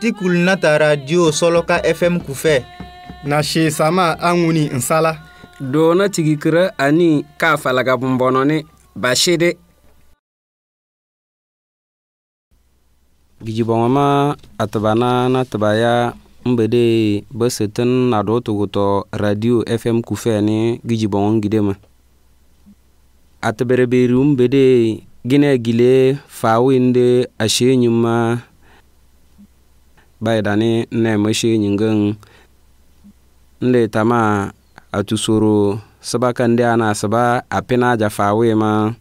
tikulu nata radio sɔlɔka fm kufɛ na shee sama a ŋuni n sala doona ani kaa falaga bumbɔnɔ ni bashede gijibɔŋɔ ma a tɩba na na tɩba ya n be de bɩ sɩtɩn na dʋ tʋgʋtɔ radio fm kufɛ ni gijibɔŋɔ gide ma. a tɩ berebeeri n be de gɩnɛ gile faawɩnde a shee yĩmma baidani na-emeshi nyingen nde tama atusoro sabaka ndi a na-asiba apina aja fawima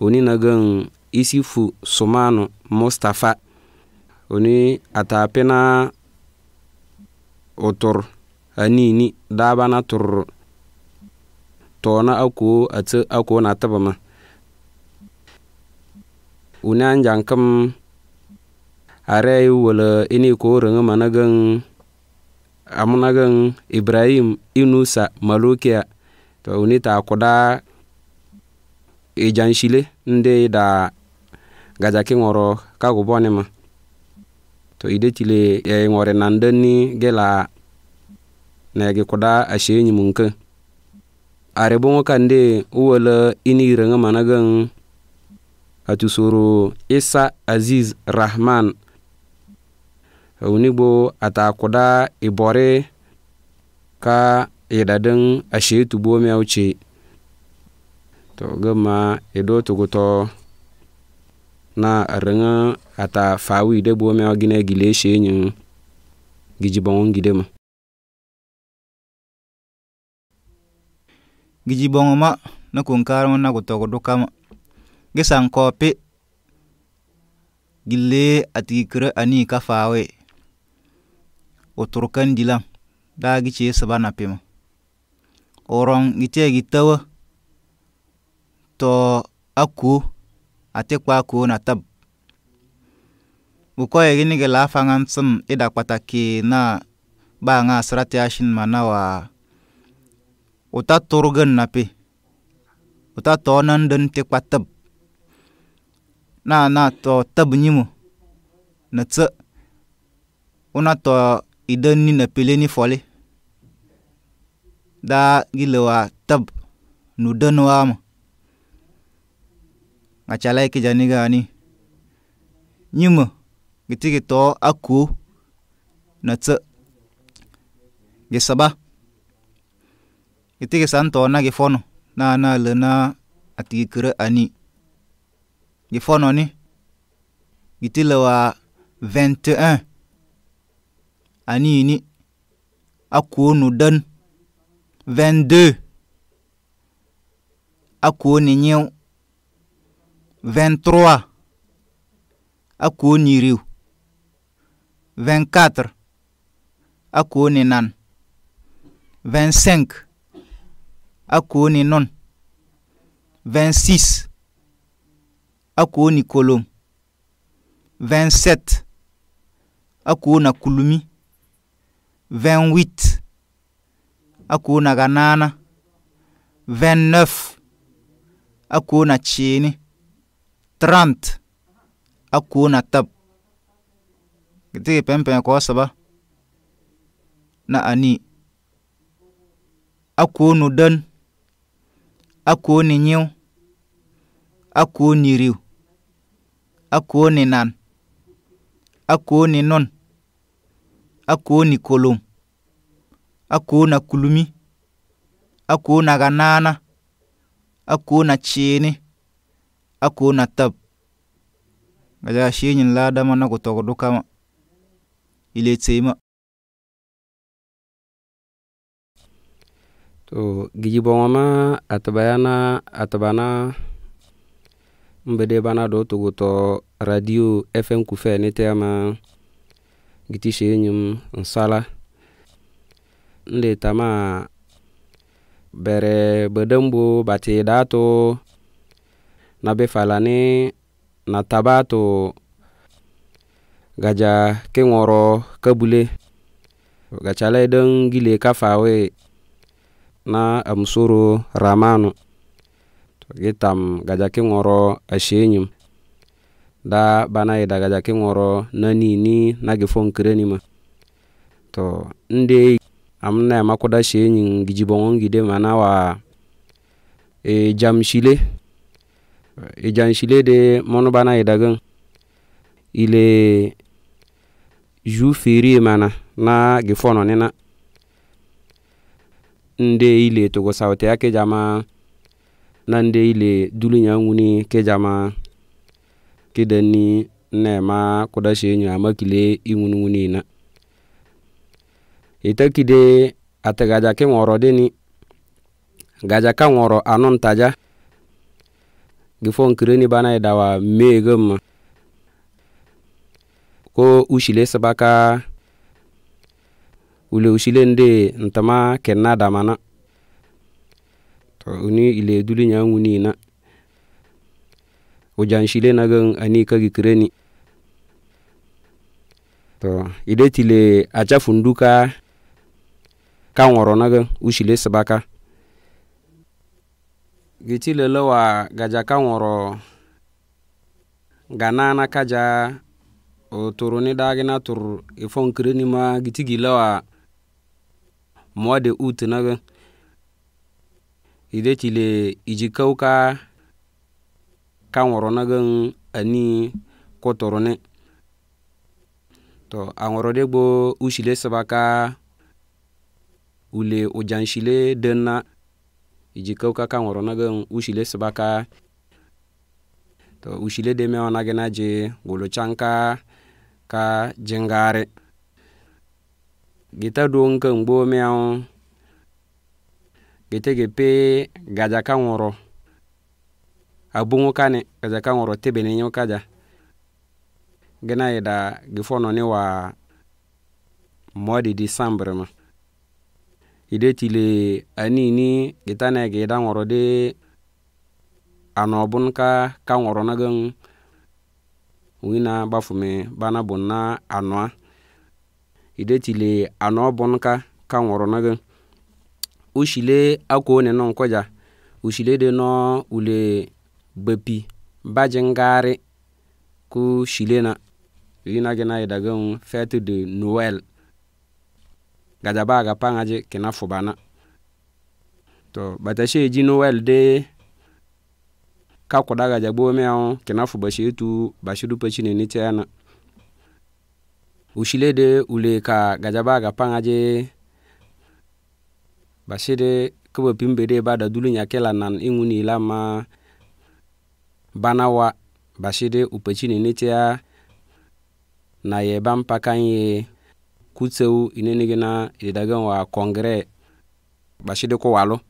oni isifu sumanu mustafa oni ata apina utur anini daba na tur na ako ati ako na taba tabama oni kam. are wala ini ko renga managan amunagan ibrahim inusa malukiya to uni ta koda ijanshile ndị da gajaki nwọrọ ma to idechile e nwere na ndeni gela na gi kuda ashe enyi munke aribu nwoke ndị uwele inirenge managan atusoro isa aziz rahman unigbo atakuda ibore ka yidadin ashe tubo wuce to gama ido tuguto na ringa ata fawi de bo mewa gine gile shi yin gijibon gidema gijibon ma na kunkaron na gutogo dukama gisan kopi gille atikira ani kafawe o turkan dilam da gi ce saba na orang gi gite gi tawa to aku ate kwa aku na tab uko ye ya ni ge lafa sum kwata pataki na ba nga srati ashin ya wa uta turgan na pe uta to nan den te kwa tab na na to tab nyimu na tsa una to idan ni na ni fole da gi wa tab nu dön wama ŋacalai e kijani gani nyimö giti gi to a kuw na gi giti gi san to na gi fono na na le na atigi körö ani gi fono ni giti lewa 21 anini akuo nu don vingt-deux akuo ni nyiu vingt-trois akuo ni riu vingt-quatre akuo ni nan vingt-cinq akuo ni nun vingt-six akuo ni kolom vingt-sept akuo na kulumi 28 akuna kanana 29 akuna chini 30 na tab kitiki pempen ko saba na ani akunu den ni nyiu akuni riu akuni nan akuni nun ako ni kolom akoo na kulumi akoo na ganana akoo na ciini akoo na tab gaja shi nyin dama na ku togdu kama ile tema to giji boŋo ma atabana mbede bana do tugu to radio fm ku fe tema ngitisha enyi m nsala tama bere bedembo bati datu na falani na tabatu gaja kenworo kabule gachala don gile kafawe na amsuru ramanu gitam gaja kenworo ashenyim da bana yi daga jaki ŋoro na nini na gifo nkireni ma to nde amna ya makoda sheyin gijibongon gide mana wa e jamshile e jamshile de mono bana yi dagan ile ju feri mana na gifono nina nde ile togo sawte ya kejama na nde ile dulu ɲa ŋuni kejama kidani nema kudashi nyo amakile iwunwuni na ita kide ata gaja ke ngoro deni gaja ngoro anon taja gifon kireni bana dawa megem ko ushile sabaka ule ushile nde ntama kenna damana to uni ile duli nyangu ni na wujanshile nagan ani kagi kireni to ide tile aja funduka ka woro nagan ushile sibaka gitile lewa gaja ka woro ganana kaja oturuni dagina tur ifon e kireni ma gitigi lewa mode utu nagan ide tile iji kauka kan worona gen ani kotorone to anworode usile ushile sabaka ule ujanshile denna ijikauka kan worona usile ushile sabaka to usile de mewana gena je golo chanka ka jengare gita don kan gbo meaw gete gepe gaja kan woro agbonwo kani gaja ka ŋoro tebene nyo kaja gina yida gifono ni wa modi disambre ma ide tile n'i gitane gi ida ŋoro di anobun ka ka ŋoro nagin wina bafume bana bun na anoa ide tile ano bun ka ka ŋoro nagin ushile akone non koja ushile de no ule bapi bajingari ku shilena yina gina idagun fête de noël ba ga je kina fubana to bata ji noel de ka kuda gaja gbomeau kina fuba shi dupe shine ni tiyana ushile de ule ka gajaba ga pangaji bashiri kubo de ba da dulu nyakela nan inwuni lama banawa bashidi upechini nitia na ye ban pakan ye kutseu inenigi na ididagan wa kongre bashidi ko walu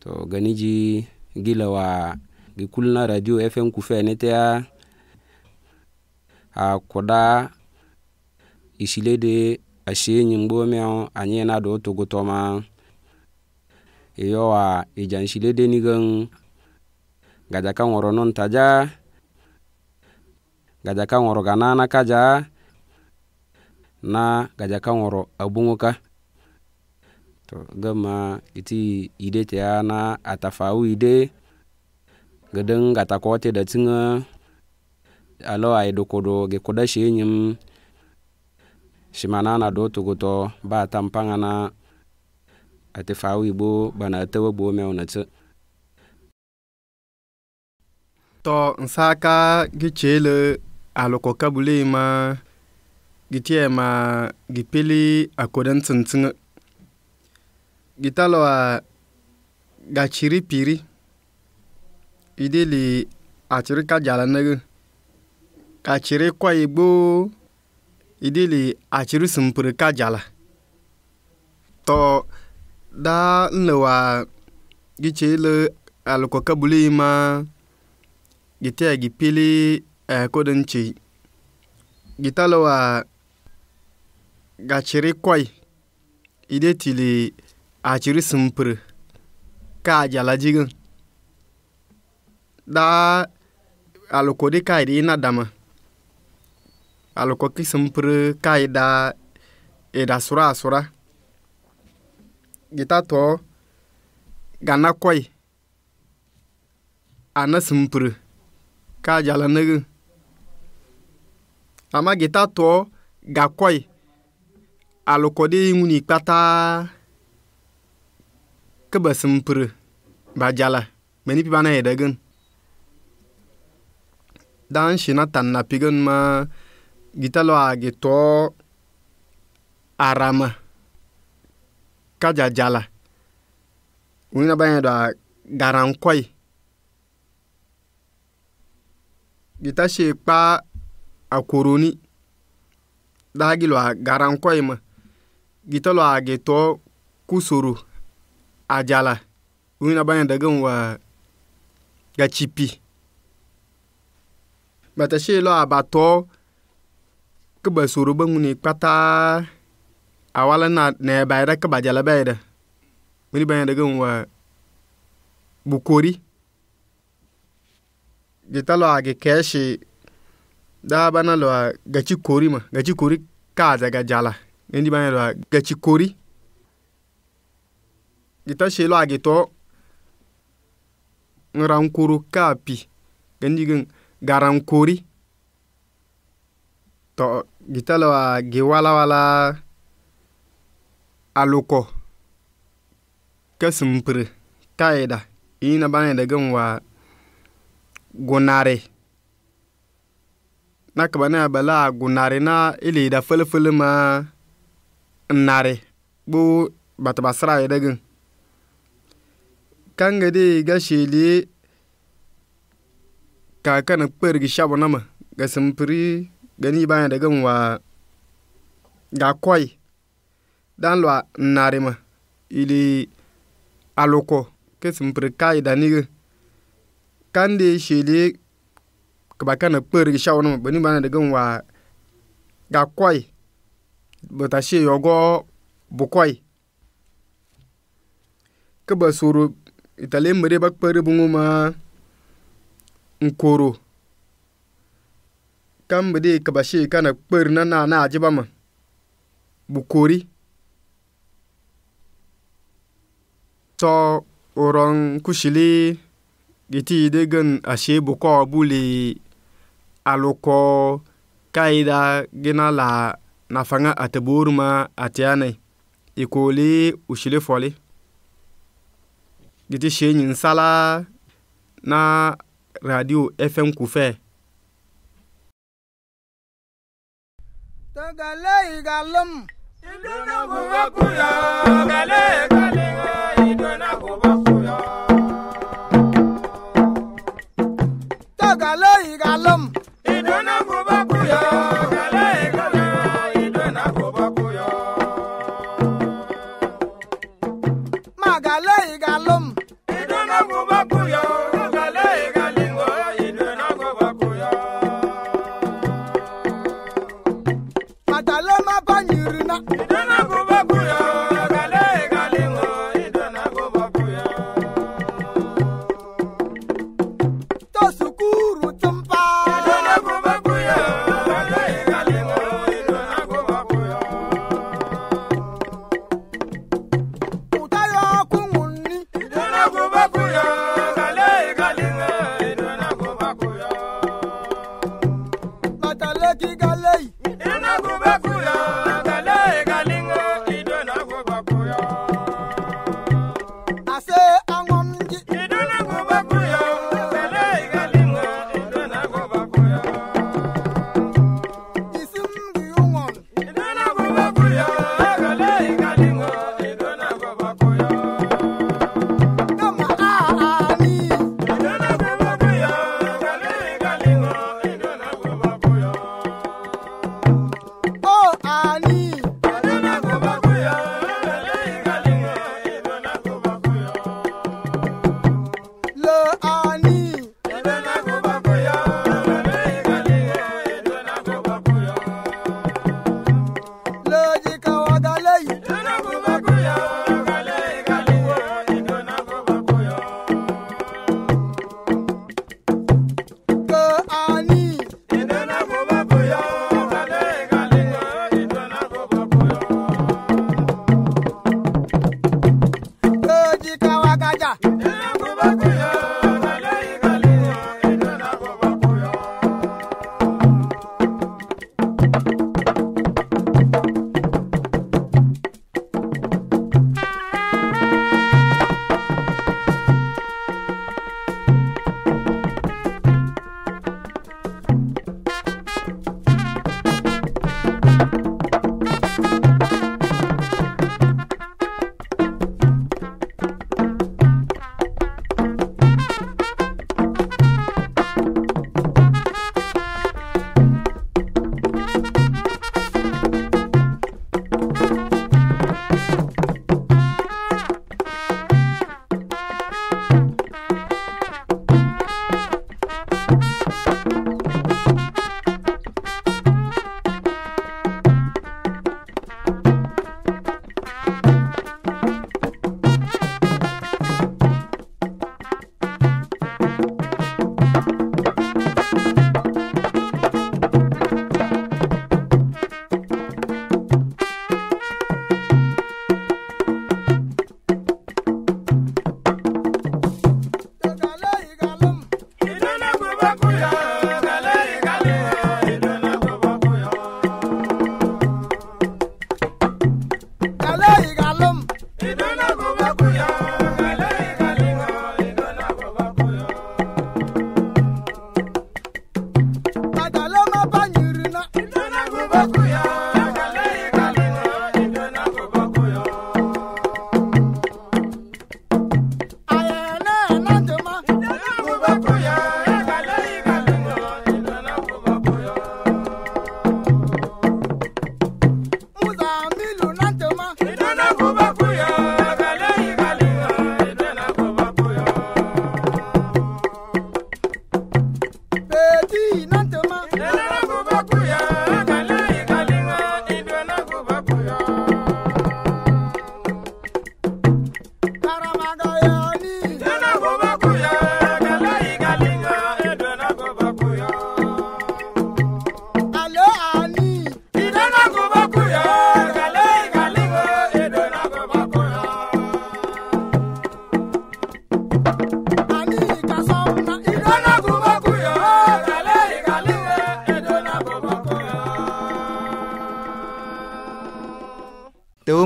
to ganiji gila wa gi radio fm kufe nitia a kuda isilede ashe nyimbo meo anye na do togotoma iyo wa ijansilede nigan gajaka ŋoro nun taja gajaka ŋoro ganana kaja na gajaka ŋoro abuŋo ka to gama iti ide teya na atafawu ide gedeng gatakote da tiŋə alo ai dokodo gi kuda shenyim na do tuguto ba tampaŋa na ati fawu igbo bana təwə bo mewnə tsə tɔ nsaka gichele aloko kabule ma gitie ma gipili akodan tsintsinga gitalo a piri idili achiri ka jala nege kachiri kwa igbo idili achiri simpiri ka tɔ to da nlewa gichele aloko kabule ma gite agi pili eh, kodin ce gitalawa ga ciri kwai ide tili a ciri simpir ka jala jigin da aluko de ka ide ina dama aluko ki simpir ka ida ida sura asura gita to gana kwai ana simpir kaja jala nege ama geta tɔ gakɔi alokɔde ŋuni kpataa ke ba ba jala meni pi bana dan shi na tan na pigen ma gita lo age arama kajajala, jala wina banya da garankɔi gita she pa a koroni dagi lo a ima gita lo a ge to kusoro a jala wina banya daga wa ga chipi bata she lo a ba to ka ba soro ba kpata a wala na na bayra ka jala bayra wini banya daga wa bukori jita lo agi keshi da bana lo gachi kori ma gachi kori kaza ga jala nindi bana lo gachi kori gita she lo agi to ngaran kuru kapi gandi gan garan kori to gita lo agi wala wala aluko kasimpire kaida ina bana da gan wa gunare na kaba na bala gunare na ile da fulfulu ma nare bu bata basra ya dagin kan ga dai ga shele kakan kpar gi shabu nama ga simfiri gani baya da wa ga koi dan lo nare ma ile aloko ke simfiri kai da ni kande shele ba kana kpɛrigi shɛŋa nima bɛ ni ba na di gini waa ga kɔi bɛ ta she yɔgɔ bu kɔi ka ba itale mire ba kpɛri bu ŋo kan bɛ de ka ba she kana kpɛri na naa na ajiba ma bu kori tɔ o rɔn kushili giti degen ashe buko buli aluko kaida gina la nafanga ataburuma atiane ikoli ushile foli giti she nyin sala na radio fm kufe tagalai galam idona kubakuya gale gale idona kubakuya kalo igalam. Idona kuba kuya.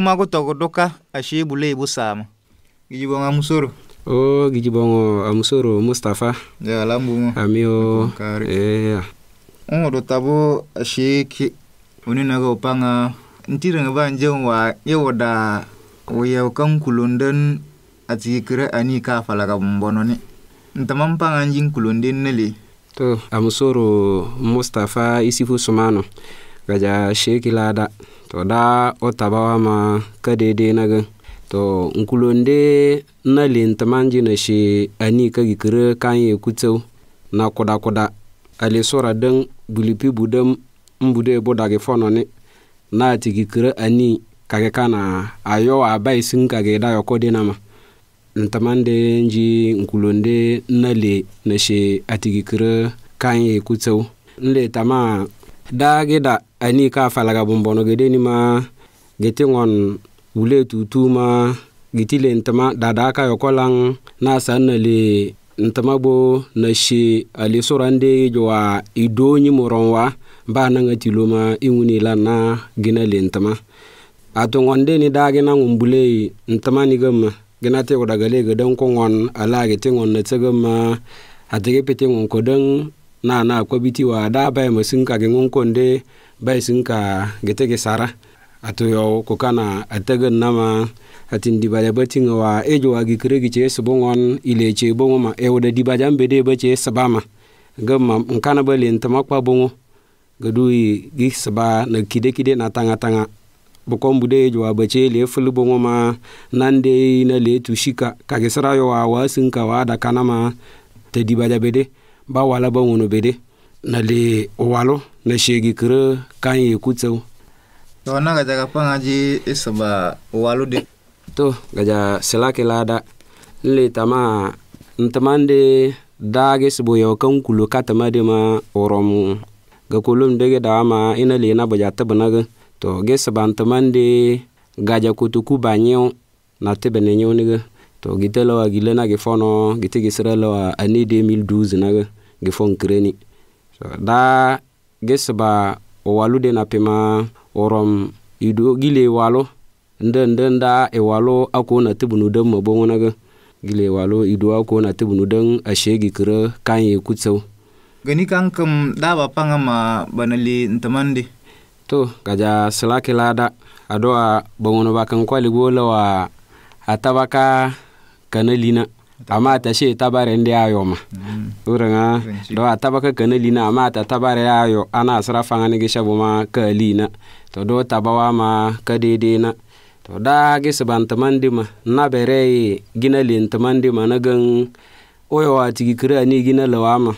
ma kutokotoka ashe bulei gijibongo amusoro o oh, gijibongo amusoro mustapha ya lambumo amio eh ongo do tabo ashe ki onina go panga wa yewoda oya kan kulondan ani ka falaga mbono ni ntama mpanga njin kulonden nele to amusoro mustapha isifu sumano gaja sheki lada to da o bawa ma ka daidai na gan to nkulonde na lenta manji na a ani ka gikire kan ye kutsau na kuda kuda ale sora dan bulipi budam mbude bo dage fono ne na ti gikire ani kage kana ayo abai sin kage da yo de na ma ntamande nji nkulonde na le na she atigikire kan ye kutsau nle tama da ani ka falaga bumbono gede ni ma gete ngon wule ma giti le ntama dada ka yokolan na sanna le ntama bo na she ali sorande jwa ido nyi moronwa ba na ngati loma inguni la na gina le ntama ato ngonde ni da na ngumbule ntama ni gam gina te ko daga le ngon ala gete ngon na ma atege pete ngon ko na na kwabiti wa da bai sun ka gin de bai sun ka gete ge sara to yo ko kana a atagan nama atin dibale batin wa jo wa kire gi che won ile che bongo ma e wo da di ba che sabama gamma nkana ba len ma kwa bongo yi gi ba na kide kide na tanga tanga bu de jo wa bace le fulu bongo ma de na le ka ge sara yo wa sun ka wa da kana ma ta dibaja de ba wala ba ŋunu be de na le walu na shegi kere kan ye kutseu to na gaja ka panga ji isaba e walu de to gaja selake lada le tama ntamande daage sibo yo kan kulo katama de ma orom ga kulum dege da ma ina le na baja tabana ga to ge sabantamande gaja kutuku banyo na tebene nyo ni ga to gitela wa gilena ge fono gite gisra la ani 2012 na ga gifon greni so, da gesba owalude na pema orom ido gile walo nde nde nda iwalu e ako na tibunu dan mabon wona ga gile walo ido ako na tibu nu ashe gi kire kan ye kutso gani kan kam da ba panga ma banali ntamande to gaja silaki lada adoa bangono bakan kwali gola wa atabaka kanalina amma ta she tabare ndi ayo ma mm. urenga do atabaka kana lina amma ta tabare ayo ana sra fanga ni gisha buma ka lina to do tabawa ma ka dede na to da gisa bantamandi ma na bere gina lintamandi ma na gan oyo wa tigi kira ni gina ma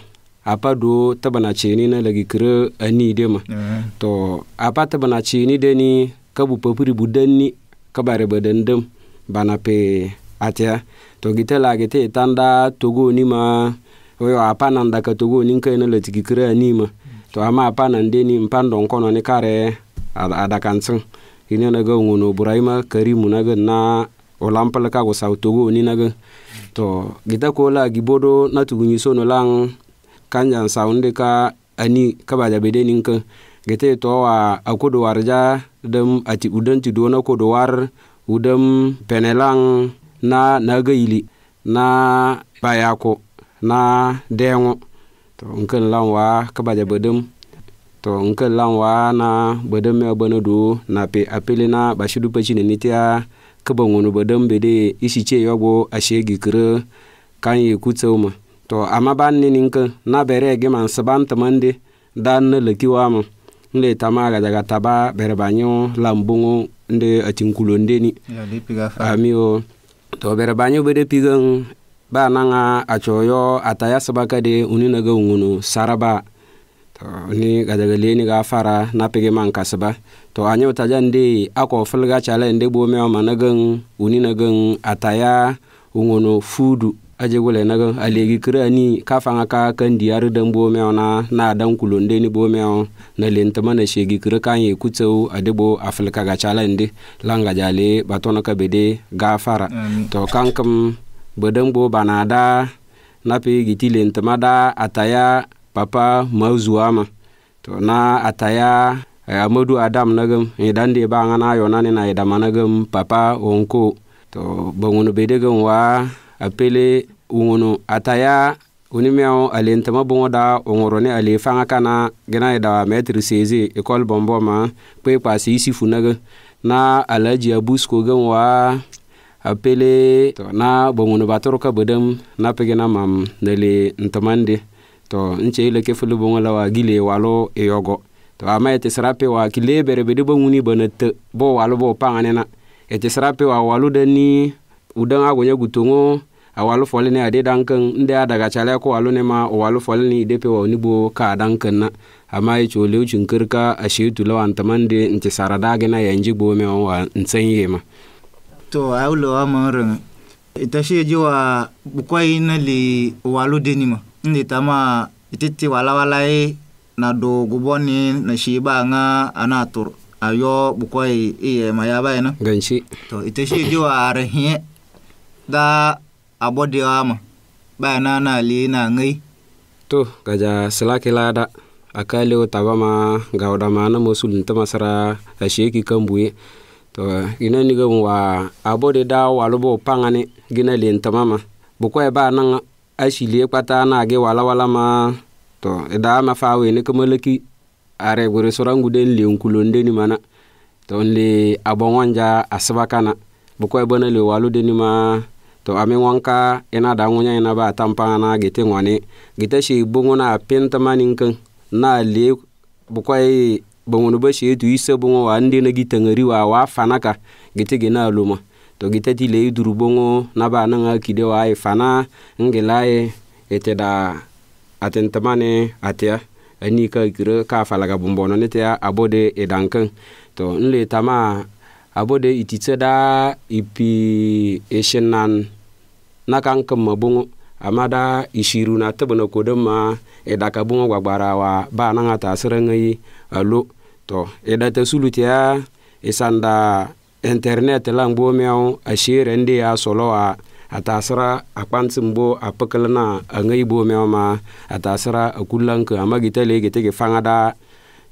apa do che ni na lagi kira ani de ma eh. to apa che ni de ni kabu papuri budanni kabare badandam bana pe atia togite lagite itanda togoni ma wewa apana ndaka togoni kai na latiki kira ma to ama apana ndeni mpando nkono ni kare adakansin ine na ga ngono buraima karimu na ga na olampala ka go sau togoni na ga to gita ko la gibodo na tugunyi sono lang kanjan saunde ka ani kabaja bedenin ka gete to wa akodo warja dem ati udan ti dona kodo war udem penelang na naga gaili na bayako na dengo to nkan lanwa ka baje bodum to nkan lanwa wa na bodum me bono du na pe apeli na bashidu pachi ne nitia kaba ngonu bodum de isi che yogo ashegi kire kan ye kutsoma to amma ban ni ninkan na bere ge man saban tamande dan na lekiwa mu nle ma ga daga taba bere banyo lambungu nde fa amio to bere banyu bede pigeng ba nanga acoyo ataya sabaka de unina ga ungunu saraba to ni gadaga leni ga fara na pigi man kasaba to anyo tajan de ako fulga chala ende bo me ma nagan uni nagan ataya ungunu fudu aje gule naga alegi kira ni kafa ngaka kan diyar dan bomeo na na dan kulonde ni bomeo na lenta mana shegi kira kan ye kutau adebo afilka ga chalande langa jale batona ka bede gafara fara to kankam bedeng bo banada napi giti lenta mada ataya papa ma to na ataya e, amadu adam nagam idan e, de ba ngana yonani na idama e nagam papa onko to bangunu bede gan wa apele wungono ataya unimeo alentama bongo da ongorone ale fanga kana gena da maître sezi école bombo ma kpe kpasi isi funaga na alaji abusko gan wa apele to, na bongono batoroka bedem na pegena mam nale ntamande to nche ile ke fulu bongo la wa gile walo eyogo to ama ete sarape wa kile bere bede bo nguni bana te bo walo bo panga nena ete sarape wa walu dani udang agonya gutongo awalu fɔli ne ade dankan nde a daga chale ko walu ne ma walu fɔli ne de pe woni bo ka dankan na m'a yi chole u chinkir ka a shi tu ntama tamande nti na gina yanji bo me wa yi ma to awlo amara ita shi ji wa bukwai na li walu deni ma ndi ma ititi ti walawala ye na do ni na shi e ba nga yi ayo bukwai iye mayaba ina ganshi to ita shi ji wa arahiye da abo abodi ama ba na na li na ngai to gaja silaki lada akali utaba ma gauda ma na musulun ta masara a sheki kambuye to ina ni gan wa abo abodi da walubo pangani gina lentama ma bukoy e ba nan ashili kwata na ge wala wala ma to e da ma fa we ni kamalaki are gure sorangu den le nkulon deni mana to le abon wanja asaba kana bu bukoy e bana le walu deni ma to ame wanka ina da ngunya ina ba tampa na gite ngwani gite shi bungu na penta maninkan na le bukwai bungu ba shi tu isa bungu wa ndi na gite ngari wa wa fanaka gite gina luma to gite ti le duru bungu na ba na nga kide wa ai fana ngilaye ete da atentamane atia ani e ka kire ka falaga bumbono ne te abode edankan to nle tama abode iti tseda ipi eshenan na kan kama bungo amada ishiru na tabana kodama edaka bungo gbagbara wa ba nanga ta serengi alo to edata sulutia isanda internet la ngbo mew ashere ndi ya solo a atasira akpantin bo apekele na angai bo ma atasara akulanka amagitale gitege fangada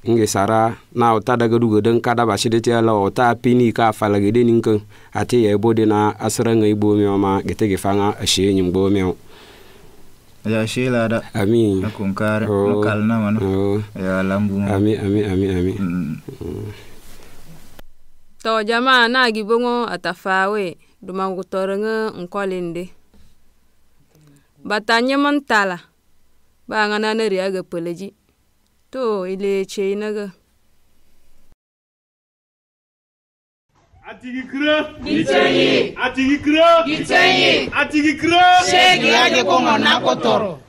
nge sara na ota daga duga don kada ba shida da ta ota pini ka fala de ninkan a te ya ibo e dina na asara nga ibo ma gete ge fanga a shi yin bo mewa ya shi la da amin na kunkare oh. na kalna mana oh. ya lambu amin amin amin amin mm. to jama na gi bongo atafawe duma gutorenga nkolinde batanye mantala ba ngana na riaga peleji То, или чей нога? Атигикра! Гитяни! Атигикра! Гитяни! Атигикра! Шеги, адекома, накоторо!